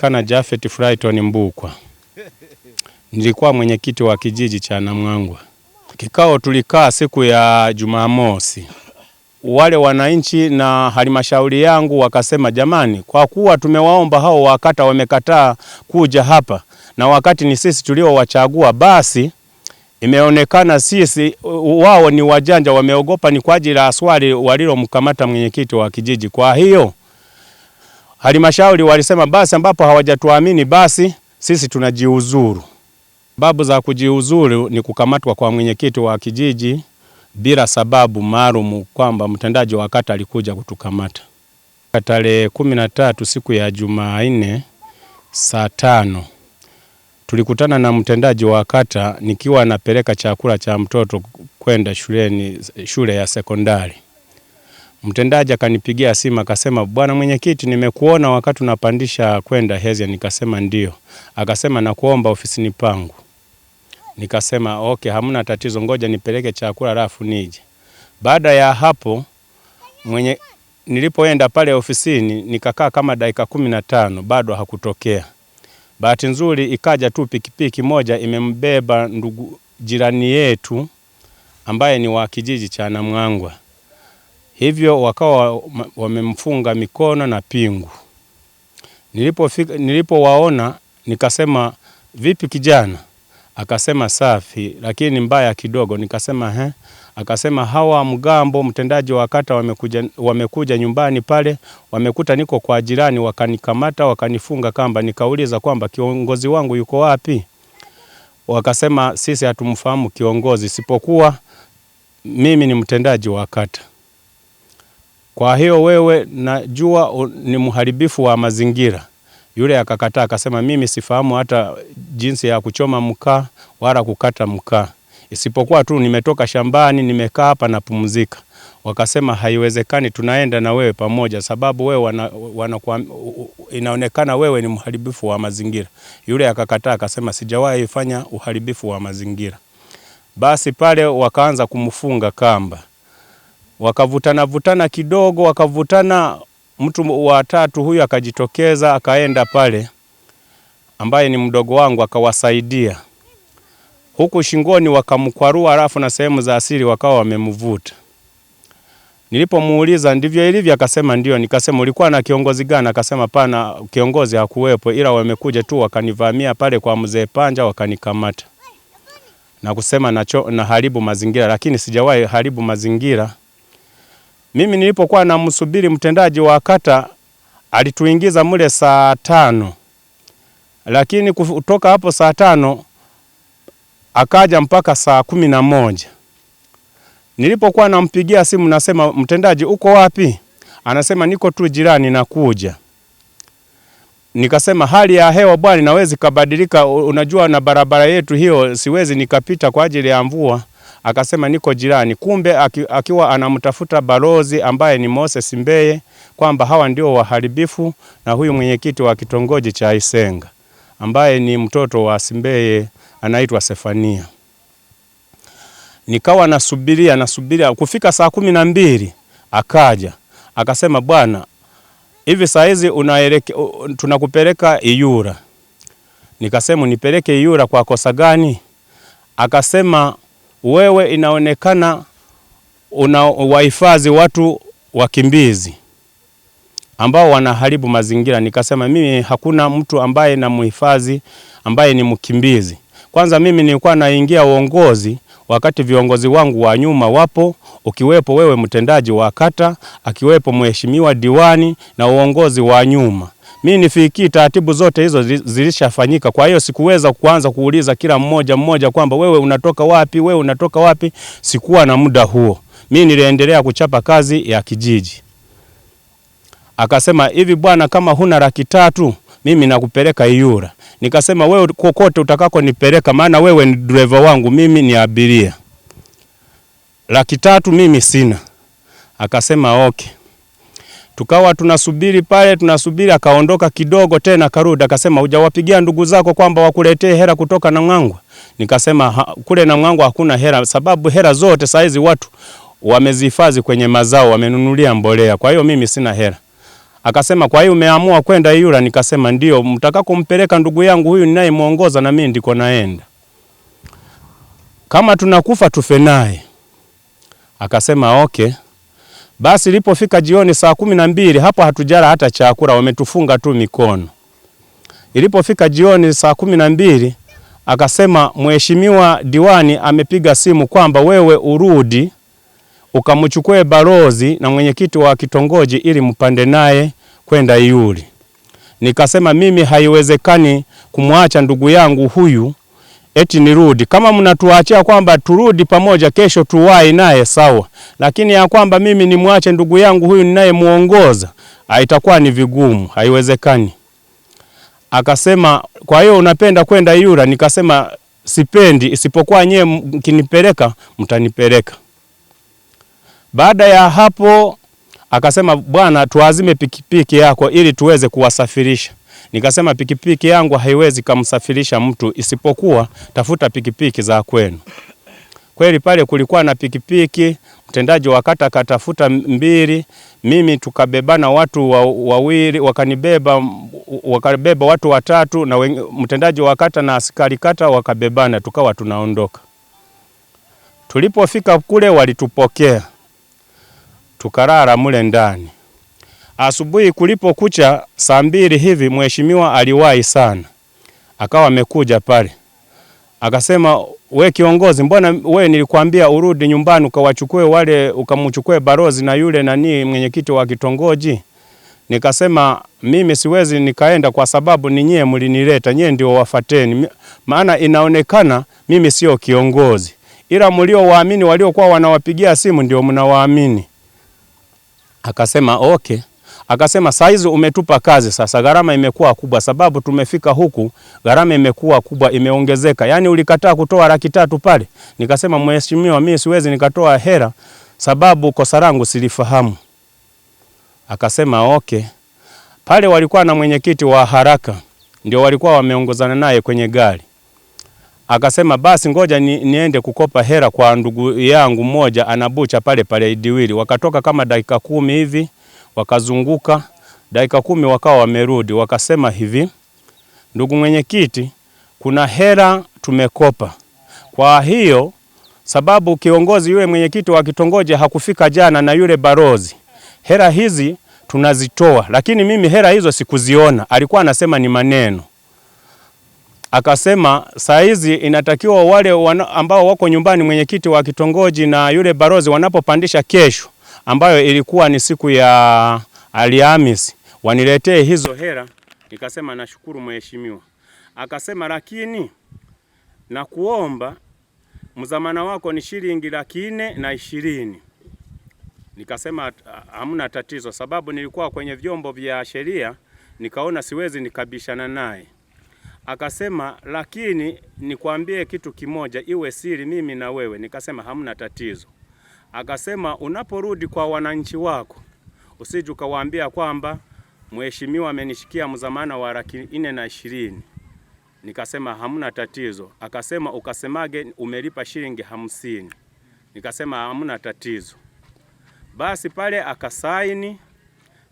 Kana Jafet Fryton Mbukwa, nilikuwa mwenyekiti wa kijiji cha Namwangwa. Kikao tulikaa siku ya Jumamosi, wale wananchi na halmashauri yangu wakasema, jamani, kwa kuwa tumewaomba hao wakata wamekataa kuja hapa na wakati ni sisi tuliowachagua, basi imeonekana sisi wao ni wajanja, wameogopa ni kwa ajili ya aswali walilomkamata mwenyekiti wa kijiji, kwa hiyo Halmashauri walisema basi, ambapo hawajatuamini basi sisi tunajiuzuru. Sababu za kujiuzuru ni kukamatwa kwa mwenyekiti wa kijiji bila sababu maalum, kwamba mtendaji wa kata alikuja kutukamata tarehe kumi na tatu siku ya Jumanne saa tano tulikutana na mtendaji wa kata nikiwa napeleka chakula cha mtoto kwenda shuleni, shule ya sekondari. Mtendaji akanipigia simu akasema, bwana mwenyekiti, nimekuona wakati unapandisha kwenda Hezia. Nikasema ndio. Akasema nakuomba ofisini pangu. Nikasema okay, hamna tatizo, ngoja nipeleke chakula rafu nije. Baada ya hapo mwenye, nilipoenda pale ofisini nikakaa kama dakika kumi na tano bado hakutokea. Bahati nzuri ikaja tu pikipiki moja imembeba ndugu jirani yetu ambaye ni wa kijiji cha Namwangwa hivyo wakawa wamemfunga mikono na pingu. Nilipofika, nilipowaona nikasema, vipi kijana? Akasema safi, lakini mbaya kidogo. Nikasema he. Akasema hawa mgambo, mtendaji wa kata, wamekuja, wamekuja nyumbani pale, wamekuta niko kwa jirani, wakanikamata wakanifunga kamba. Nikauliza kwamba kiongozi wangu yuko wapi? Wakasema sisi hatumfahamu kiongozi, sipokuwa mimi ni mtendaji wa kata. Kwa hiyo wewe, najua ni mharibifu wa mazingira. Yule akakataa akasema, mimi sifahamu hata jinsi ya kuchoma mkaa wala kukata mkaa, isipokuwa tu nimetoka shambani, nimekaa hapa napumzika. Wakasema haiwezekani, tunaenda na wewe pamoja, sababu wewe wana, wana, inaonekana wewe ni mharibifu wa mazingira. Yule akakataa akasema, sijawahi fanya uharibifu wa mazingira. Basi pale wakaanza kumfunga kamba wakavutana vutana kidogo, wakavutana, mtu wa tatu huyu akajitokeza akaenda pale, ambaye ni mdogo wangu, akawasaidia huku shingoni, wakamkwarua halafu na sehemu za asili wakawa wamemvuta. Nilipomuuliza ndivyo ilivyo, akasema ndio. Nikasema ulikuwa na kiongozi gani? Akasema pana, kiongozi hakuwepo, ila wamekuja tu wakanivamia pale kwa mzee Panja wakanikamata na kusema na, cho, na haribu mazingira, lakini sijawahi haribu mazingira. Mimi nilipokuwa namsubiri mtendaji wa kata alituingiza mule saa tano, lakini kutoka hapo saa tano akaja mpaka saa kumi na moja. Nilipokuwa nampigia simu nasema, mtendaji uko wapi? Anasema niko tu jirani nakuja. Nikasema hali ya hewa bwana inaweza kabadilika, unajua na barabara yetu hiyo siwezi nikapita kwa ajili ya mvua akasema niko jirani. Kumbe akiwa anamtafuta balozi ambaye ni Moses Mbeye kwamba hawa ndio waharibifu na huyu mwenyekiti wa kitongoji cha Isenga ambaye ni mtoto wa Simbeye anaitwa Sefania. Nikawa nasubiria nasubiria, kufika saa kumi na mbili akaja akasema, bwana, hivi saa hizi tunakupeleka Iyura. Nikasema nipeleke Iyura kwa kosa gani? Akasema wewe inaonekana unawahifadhi watu wakimbizi ambao wanaharibu mazingira. Nikasema mimi hakuna mtu ambaye na mhifadhi ambaye ni mkimbizi. Kwanza mimi nilikuwa naingia uongozi wakati viongozi wangu wa nyuma wapo, ukiwepo wewe mtendaji wa kata, akiwepo mheshimiwa diwani na uongozi wa nyuma mimi nifikii taratibu zote hizo zilishafanyika. Kwa hiyo sikuweza kuanza kuuliza kila mmoja mmoja kwamba wewe unatoka wapi, wewe unatoka wapi. Sikuwa na muda huo, mimi niliendelea kuchapa kazi ya kijiji. Akasema hivi, bwana, kama huna laki tatu mimi nakupeleka Iyura. Nikasema wewe kokote utakako nipeleka, maana wewe ni driver wangu, mimi ni abiria. Laki tatu mimi sina. Akasema okay tukawa tunasubiri pale, tunasubiri, akaondoka kidogo tena karudi, akasema hujawapigia ndugu zako kwamba wakuletee hera kutoka na Namwangwa? Nikasema ha, kule Namwangwa hakuna hera, sababu hera zote saizi watu wamezihifadhi kwenye mazao, wamenunulia mbolea, kwa hiyo mimi sina hera. Akasema kwa hiyo umeamua kwenda Iyula? Nikasema ndio, mtakakompeleka ndugu yangu huyu ninayemuongoza, na mimi ndiko naenda, kama tunakufa tufe naye. Akasema okay. Basi ilipofika jioni saa kumi na mbili hapo hatujala hata chakula, wametufunga tu mikono. Ilipofika jioni saa kumi na mbili akasema mheshimiwa diwani amepiga simu kwamba wewe urudi ukamchukue balozi na mwenyekiti wa kitongoji ili mpande naye kwenda Iyuli. Nikasema mimi haiwezekani kumwacha ndugu yangu huyu eti nirudi. Kama mnatuachia kwamba turudi pamoja kesho tuwai naye sawa, lakini ya kwamba mimi nimwache ndugu yangu huyu ninayemuongoza haitakuwa ni vigumu, haiwezekani. Akasema, kwa hiyo unapenda kwenda yura Nikasema sipendi, isipokuwa nyewe mkinipeleka mtanipeleka. Baada ya hapo akasema, bwana, tuazime pikipiki yako ili tuweze kuwasafirisha. Nikasema pikipiki yangu haiwezi kumsafirisha mtu isipokuwa tafuta pikipiki za kwenu. Kweli pale kulikuwa na pikipiki, mtendaji wa kata katafuta mbili, mimi tukabebana watu wawili, wakanibeba wakabeba watu watatu, na mtendaji wa kata na askari kata wakabebana, tukawa tunaondoka. Tulipofika kule walitupokea, tukalala mule ndani. Asubuhi kulipokucha, saa mbili hivi, mheshimiwa aliwahi sana, akawa amekuja pale, akasema we kiongozi, mbona we nilikwambia urudi nyumbani ukawachukue wale ukamchukue barozi na yule nani mwenyekiti wa kitongoji. Nikasema mimi siwezi nikaenda kwa sababu ni nyie mlinileta, nyie ndio wafateni, maana inaonekana mimi sio kiongozi, ila mliowaamini waliokuwa wanawapigia simu ndio mnawaamini. Akasema okay. Akasema saizi umetupa kazi sasa, gharama imekuwa kubwa, sababu tumefika huku gharama imekuwa kubwa, imeongezeka. Yani ulikataa kutoa laki tatu pale. Nikasema mheshimiwa, mimi siwezi nikatoa hela, sababu kosa langu silifahamu. Akasema okay. Pale walikuwa na mwenyekiti wa haraka, ndio walikuwa wameongozana naye kwenye gari. Akasema basi ngoja ni, niende kukopa hera kwa ndugu yangu mmoja anabucha pale pale Idiwili. Wakatoka kama dakika kumi hivi wakazunguka dakika kumi, wakawa wamerudi, wakasema hivi, ndugu mwenyekiti, kuna hela tumekopa. Kwa hiyo sababu kiongozi yule mwenyekiti wa kitongoji hakufika jana na yule barozi, hela hizi tunazitoa, lakini mimi hela hizo sikuziona. Alikuwa anasema ni maneno Akasema saa hizi inatakiwa wale ambao wako nyumbani, mwenyekiti wa kitongoji na yule barozi wanapopandisha kesho, ambayo ilikuwa ni siku ya Alhamisi, waniletee hizo hela. Nikasema nashukuru mheshimiwa. Akasema lakini nakuomba mzamana wako ni shilingi laki nne na ishirini. Nikasema hamna tatizo, sababu nilikuwa kwenye vyombo vya sheria, nikaona siwezi nikabishana naye. Akasema lakini nikwambie kitu kimoja, iwe siri mimi na wewe. Nikasema hamna tatizo. Akasema unaporudi kwa wananchi wako usije ukawaambia kwamba mheshimiwa amenishikia mzamana wa laki nne na ishirini. Nikasema hamna tatizo. Akasema ukasemage umelipa shilingi hamsini. Nikasema hamna tatizo. Basi pale akasaini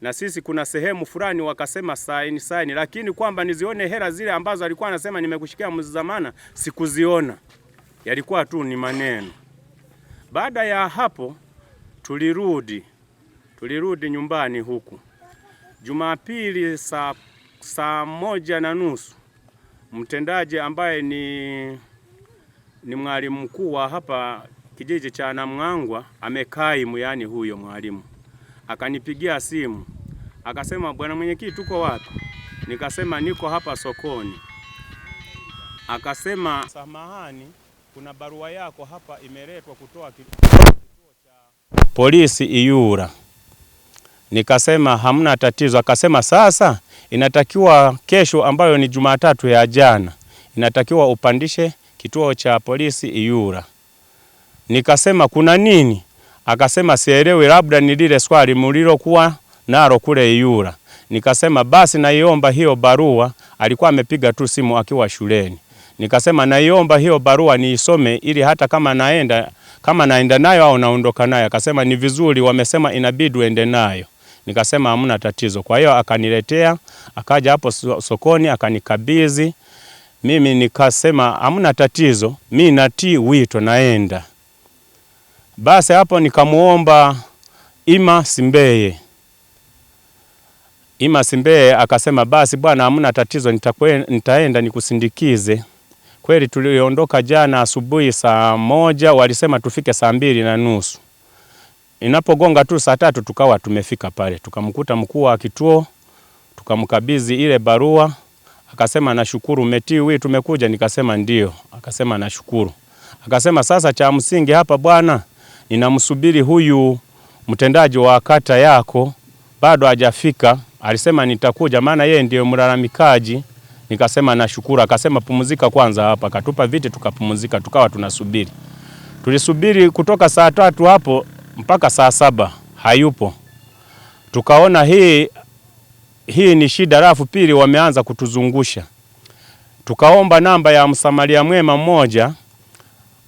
na sisi kuna sehemu fulani wakasema saini saini, lakini kwamba nizione hela zile ambazo alikuwa anasema nimekushikia mzamana, sikuziona, yalikuwa tu ni maneno. Baada ya hapo tulirudi tulirudi nyumbani huku Jumapili saa, saa moja na nusu mtendaji ambaye ni, ni mwalimu mkuu wa hapa kijiji cha Namng'angwa amekaimu, yaani huyo mwalimu akanipigia simu akasema, bwana mwenyekiti, tuko wapi? Nikasema niko hapa sokoni. Akasema samahani kuna barua yako hapa imeletwa kutoa kituo cha polisi Iyura. Nikasema hamna tatizo. Akasema sasa inatakiwa kesho, ambayo ni Jumatatu ya jana, inatakiwa upandishe kituo cha polisi Iyura. Nikasema kuna nini? Akasema sielewi, labda ni lile swali mulilokuwa nalo kule Iyura. Nikasema basi naiomba hiyo barua. Alikuwa amepiga tu simu akiwa shuleni. Nikasema naiomba hiyo barua niisome, ili hata kama naenda kama naenda nayo au naondoka nayo. Akasema ni vizuri, wamesema inabidi uende nayo. Nikasema hamna tatizo. Kwa hiyo akaniletea, akaja hapo sokoni akanikabidhi mimi, nikasema hamna tatizo, mi natii wito, naenda basi. Hapo nikamuomba Ima Simbeye. Ima Simbeye akasema basi bwana, hamna tatizo, nitaenda nikusindikize. Kweli tuliondoka jana asubuhi saa moja, walisema tufike saa mbili na nusu. Inapogonga tu saa tatu tukawa tumefika pale, tukamkuta mkuu wa kituo, tukamkabidhi ile barua, akasema nashukuru, umetii wii tumekuja. Nikasema ndio. Akasema nashukuru. Akasema sasa cha msingi hapa bwana, ninamsubiri huyu mtendaji wa kata yako, bado hajafika. Alisema nitakuja, maana yeye ndiyo mlalamikaji Nikasema nashukuru. Akasema pumzika kwanza hapa, Katupa viti tukapumzika, tukawa tunasubiri. Tulisubiri kutoka saa tatu hapo mpaka saa saba hayupo. Tukaona hii hii ni shida, rafu pili wameanza kutuzungusha. Tukaomba namba ya msamaria mwema mmoja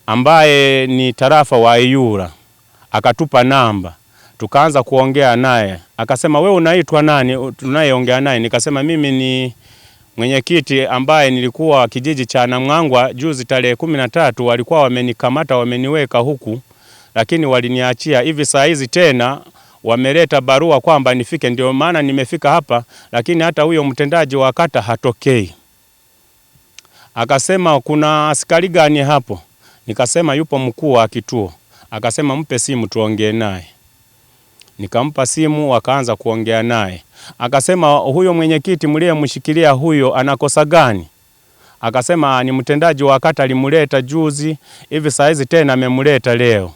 ambaye ni tarafa wa Iyura, akatupa namba tukaanza kuongea naye, akasema we unaitwa nani tunayeongea naye? Nikasema mimi ni mwenyekiti ambaye nilikuwa kijiji cha namwangwa juzi tarehe kumi na tatu walikuwa wamenikamata wameniweka huku, lakini waliniachia. Hivi saa hizi tena wameleta barua kwamba nifike, ndio maana nimefika hapa, lakini hata huyo mtendaji wa kata hatokei. Akasema kuna askari gani hapo? Nikasema yupo mkuu wa kituo. Akasema mpe simu tuongee naye, nikampa simu, wakaanza kuongea naye. Akasema huyo mwenyekiti mliyemshikilia huyo anakosa gani? Akasema ni mtendaji wa kata, alimleta juzi hivi saizi, tena amemleta leo.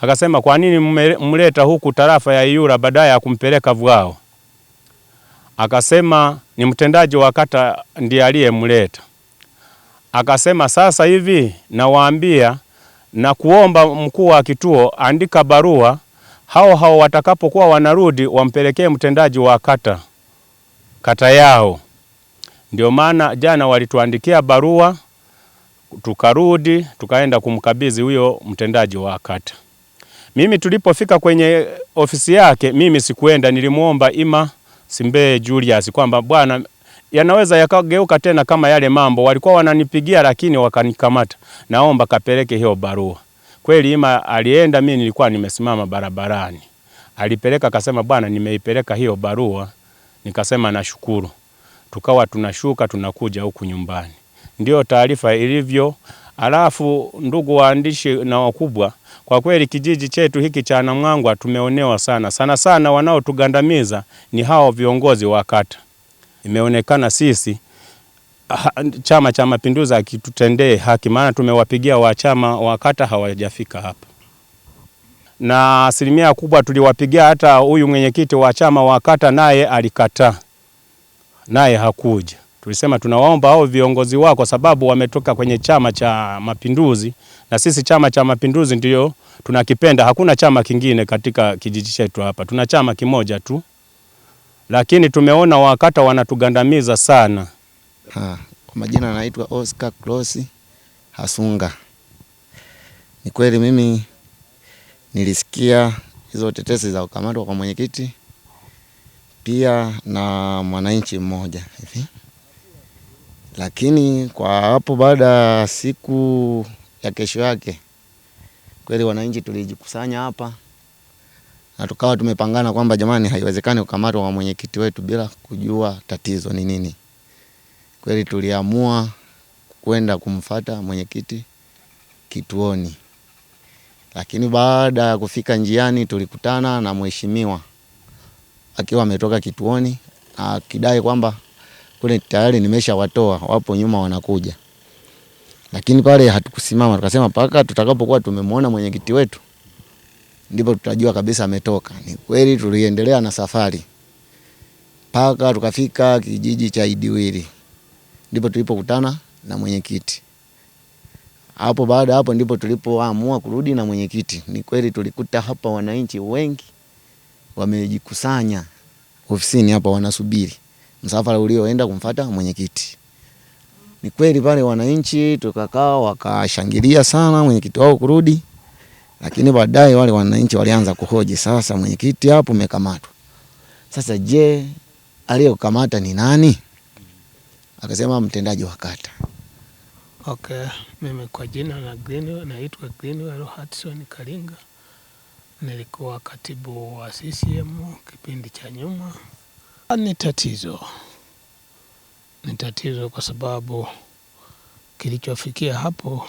Akasema kwa nini mmleta huku tarafa ya Iyula badala ya kumpeleka Vwao? Akasema ni mtendaji wa kata ndiye aliyemleta. Akasema sasa hivi nawaambia na kuomba mkuu wa kituo andika barua hao hao watakapokuwa wanarudi wampelekee mtendaji wa kata kata yao. Ndio maana jana walituandikia barua, tukarudi tukaenda kumkabidhi huyo mtendaji wa kata. Mimi tulipofika kwenye ofisi yake, mimi sikuenda, nilimwomba Ima Simbeye Julius kwamba bwana, yanaweza yakageuka tena kama yale mambo walikuwa wananipigia, lakini wakanikamata, naomba kapeleke hiyo barua. Kweli Ima alienda, mimi nilikuwa nimesimama barabarani, alipeleka akasema, bwana, nimeipeleka hiyo barua. Nikasema nashukuru, tukawa tunashuka tunakuja huku nyumbani, ndio taarifa ilivyo. Alafu ndugu waandishi na wakubwa, kwa kweli kijiji chetu hiki cha Namwangwa tumeonewa sana sana sana. Wanaotugandamiza ni hao viongozi wa kata. Imeonekana sisi Chama cha Mapinduzi akitutendee haki, maana tumewapigia wachama wa kata hawajafika hapa, na asilimia kubwa tuliwapigia. Hata huyu mwenyekiti wa chama wa kata naye alikataa, naye hakuja. Tulisema tunawaomba hao viongozi wao, kwa sababu wametoka kwenye Chama cha Mapinduzi na sisi Chama cha Mapinduzi ndio tunakipenda. Hakuna chama kingine katika kijiji chetu hapa, tuna chama kimoja tu, lakini tumeona wakata wanatugandamiza sana. Ha, kwa majina anaitwa Oscar Cross Hasunga. Ni kweli mimi nilisikia hizo tetesi za kukamatwa kwa mwenyekiti pia na mwananchi mmoja hivi, lakini kwa hapo baada ya siku ya kesho yake kweli wananchi tulijikusanya hapa na tukawa tumepangana kwamba jamani, haiwezekani kukamatwa kwa mwenyekiti wetu bila kujua tatizo ni nini kweli tuliamua kwenda kumfata mwenyekiti kituoni, lakini baada ya kufika njiani tulikutana na mheshimiwa akiwa ametoka kituoni akidai kwamba kule tayari nimeshawatoa wapo nyuma wanakuja, lakini pale hatukusimama, tukasema mpaka tutakapokuwa tumemwona mwenyekiti wetu ndipo tutajua kabisa ametoka. Ni kweli tuliendelea na safari mpaka tukafika kijiji cha Idiwili ndipo tulipokutana na mwenyekiti. Hapo baada hapo ndipo tulipoamua kurudi na mwenyekiti. Ni kweli tulikuta hapa wananchi wengi wamejikusanya ofisini hapa, wanasubiri msafara ulioenda kumfata mwenyekiti. Ni kweli pale wananchi tukakaa, wakashangilia sana mwenyekiti wao kurudi, lakini baadaye wale wananchi walianza kuhoji, sasa mwenyekiti hapo umekamatwa, sasa je, aliyokamata ni nani? akasema mtendaji wa kata. Okay, mimi kwa jina na Greenwell, naitwa Greenwell Hudson Kalinga, nilikuwa katibu wa CCM kipindi cha nyuma. Ni tatizo, ni tatizo kwa sababu kilichofikia hapo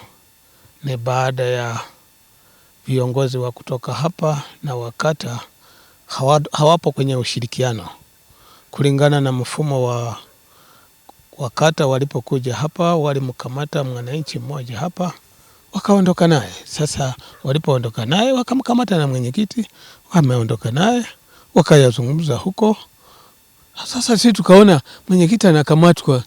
ni baada ya viongozi wa kutoka hapa na wakata hawapo kwenye ushirikiano kulingana na mfumo wa wakata walipokuja hapa walimkamata mwananchi mmoja hapa wakaondoka naye. Sasa walipoondoka naye wakamkamata na mwenyekiti, wameondoka naye wakayazungumza huko. Sasa sisi tukaona mwenyekiti anakamatwa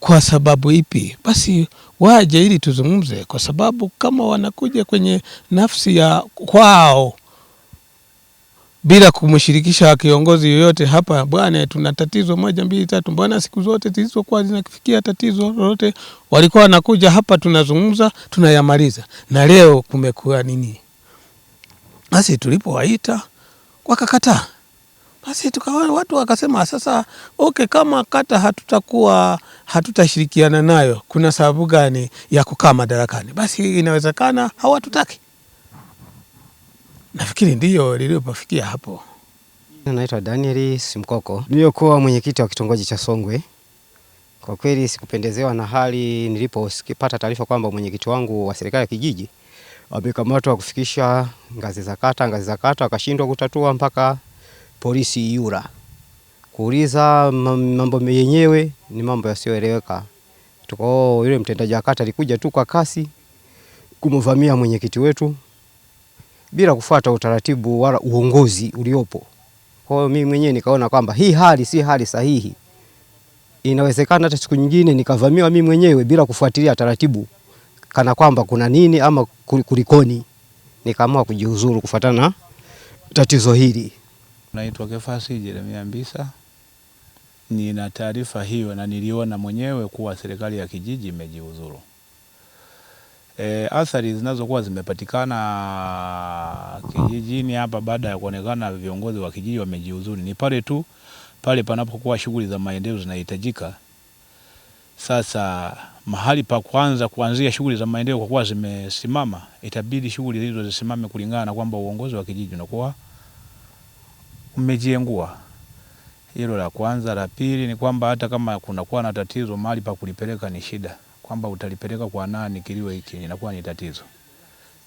kwa sababu ipi? Basi waje ili tuzungumze, kwa sababu kama wanakuja kwenye nafsi ya kwao bila kumshirikisha kiongozi yoyote hapa, bwana, tuna tatizo moja mbili tatu. Mbona siku zote zilizokuwa zinafikia tatizo lolote walikuwa wanakuja hapa, tunazungumza tunayamaliza, na leo kumekuwa nini? Basi tulipowaita wakakataa, basi tukawa watu wakasema sasa, okay, kama kata hatutakuwa hatutashirikiana nayo, kuna sababu gani ya kukaa madarakani? Basi inawezekana hawatutaki Nafikiri ndiyo lilipofikia hapo. Naitwa Danieli Simkoko, niliyokuwa mwenyekiti wa kitongoji cha Songwe. Kwa kweli sikupendezewa na hali nilipopata taarifa kwamba mwenyekiti wangu wa serikali ya kijiji amekamatwa, kufikisha ngazi za kata, ngazi za kata akashindwa kutatua mpaka polisi yura kuuliza mambo yenyewe ni mambo yasiyoeleweka. Tuko yule mtendaji wa kata alikuja tu kwa kasi kumvamia mwenyekiti wetu bila kufuata utaratibu wala uongozi uliopo. Kwa hiyo mimi mwenyewe nikaona kwamba hii hali si hali sahihi. Inawezekana hata siku nyingine nikavamiwa mimi mwenyewe bila kufuatilia taratibu, kana kwamba kuna nini ama kulikoni. Nikaamua kujiuzuru kufuatana na tatizo hili. Naitwa Kefasi Jeremia Mbisa. Nina taarifa hiyo na niliona mwenyewe kuwa serikali ya kijiji imejiuzuru. E, athari zinazokuwa zimepatikana kijijini hapa baada ya kuonekana viongozi wa kijiji wamejiuzuru ni pale tu pale panapokuwa shughuli za maendeleo zinahitajika. Sasa mahali pa kwanza kuanzia shughuli za maendeleo kwa kuwa zimesimama, itabidi shughuli hizo zisimame kulingana na kwamba uongozi wa kijiji unakuwa umejiengua. Hilo la kwanza. La pili ni kwamba hata kama kunakuwa na tatizo, mahali pa kulipeleka ni shida kwamba utalipeleka kwa nani kiliwe hiki, inakuwa ni tatizo.